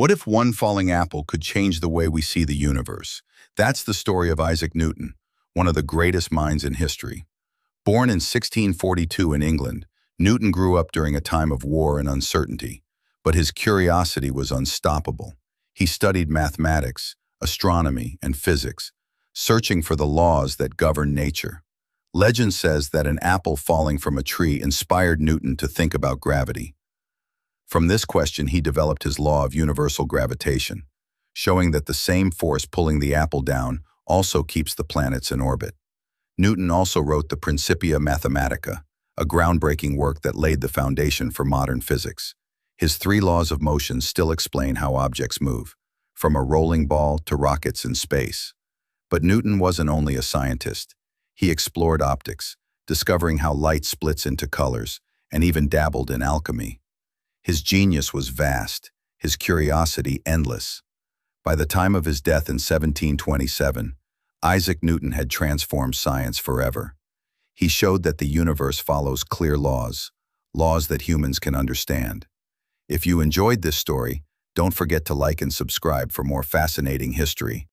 What if one falling apple could change the way we see the universe? That's the story of Isaac Newton, one of the greatest minds in history. Born in 1642 in England, Newton grew up during a time of war and uncertainty, but his curiosity was unstoppable. He studied mathematics, astronomy, and physics, searching for the laws that govern nature. Legend says that an apple falling from a tree inspired Newton to think about gravity. From this question, he developed his law of universal gravitation, showing that the same force pulling the apple down also keeps the planets in orbit. Newton also wrote the Principia Mathematica, a groundbreaking work that laid the foundation for modern physics. His three laws of motion still explain how objects move, from a rolling ball to rockets in space. But Newton wasn't only a scientist. He explored optics, discovering how light splits into colors, and even dabbled in alchemy. His genius was vast, his curiosity endless. By the time of his death in 1727, Isaac Newton had transformed science forever. He showed that the universe follows clear laws, laws that humans can understand. If you enjoyed this story, don't forget to like and subscribe for more fascinating history.